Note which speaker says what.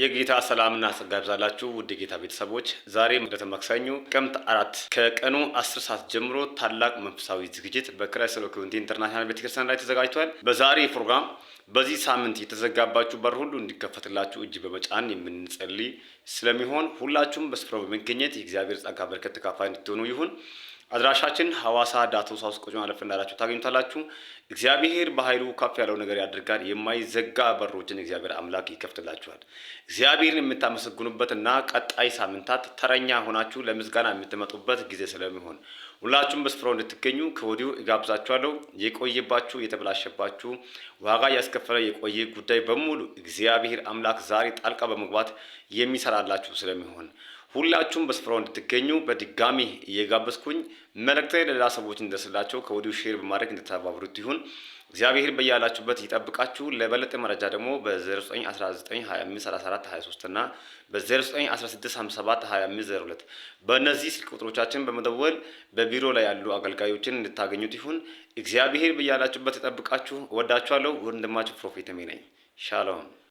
Speaker 1: የጌታ ሰላምና ጸጋ ይብዛላችሁ ውድ ጌታ ቤተሰቦች፣ ዛሬ እንደተመክሰኙ ጥቅምት አራት ከቀኑ አስር ሰዓት ጀምሮ ታላቅ መንፈሳዊ ዝግጅት በክራይስት ኦፍ ኢንተርናሽናል ቤተክርስቲያን ላይ ተዘጋጅቷል። በዛሬ ፕሮግራም በዚህ ሳምንት የተዘጋባችሁ በር ሁሉ እንዲከፈትላችሁ እጅ በመጫን የምንጸልይ ስለሚሆን ሁላችሁም በስፍራው በመገኘት የእግዚአብሔር ጸጋ በረከት ተካፋይ እንድትሆኑ ይሁን። አድራሻችን ሐዋሳ ዳቶ ሳውስ ቆጭ ማለፍ እንዳላችሁ ታገኙታላችሁ። እግዚአብሔር በኃይሉ ከፍ ያለው ነገር ያደርጋል። የማይዘጋ በሮችን እግዚአብሔር አምላክ ይከፍትላችኋል። እግዚአብሔርን የምታመሰግኑበትና ቀጣይ ሳምንታት ተረኛ ሆናችሁ ለምስጋና የምትመጡበት ጊዜ ስለሚሆን ሁላችሁም በስፍራው እንድትገኙ ከወዲሁ እጋብዛችኋለሁ። የቆየባችሁ የተበላሸባችሁ፣ ዋጋ ያስከፈለ የቆየ ጉዳይ በሙሉ እግዚአብሔር አምላክ ዛሬ ጣልቃ በመግባት የሚሰራላችሁ ስለሚሆን ሁላችሁም በስፍራው እንድትገኙ በድጋሚ እየጋበዝኩኝ መልእክታዊ ለሌላ ሰዎች እንደስላቸው ከወዲሁ ሼር በማድረግ እንደተባበሩት ይሁን። እግዚአብሔር በያላችሁበት ይጠብቃችሁ። ለበለጠ መረጃ ደግሞ በ0919253423 እና በ0916572502 በእነዚህ ስልክ ቁጥሮቻችን በመደወል በቢሮ ላይ ያሉ አገልጋዮችን እንድታገኙት ይሁን። እግዚአብሔር በያላችሁበት ይጠብቃችሁ። እወዳችኋለሁ። ወንድማችሁ ፕሮፌት ሜ ነኝ። ሻሎም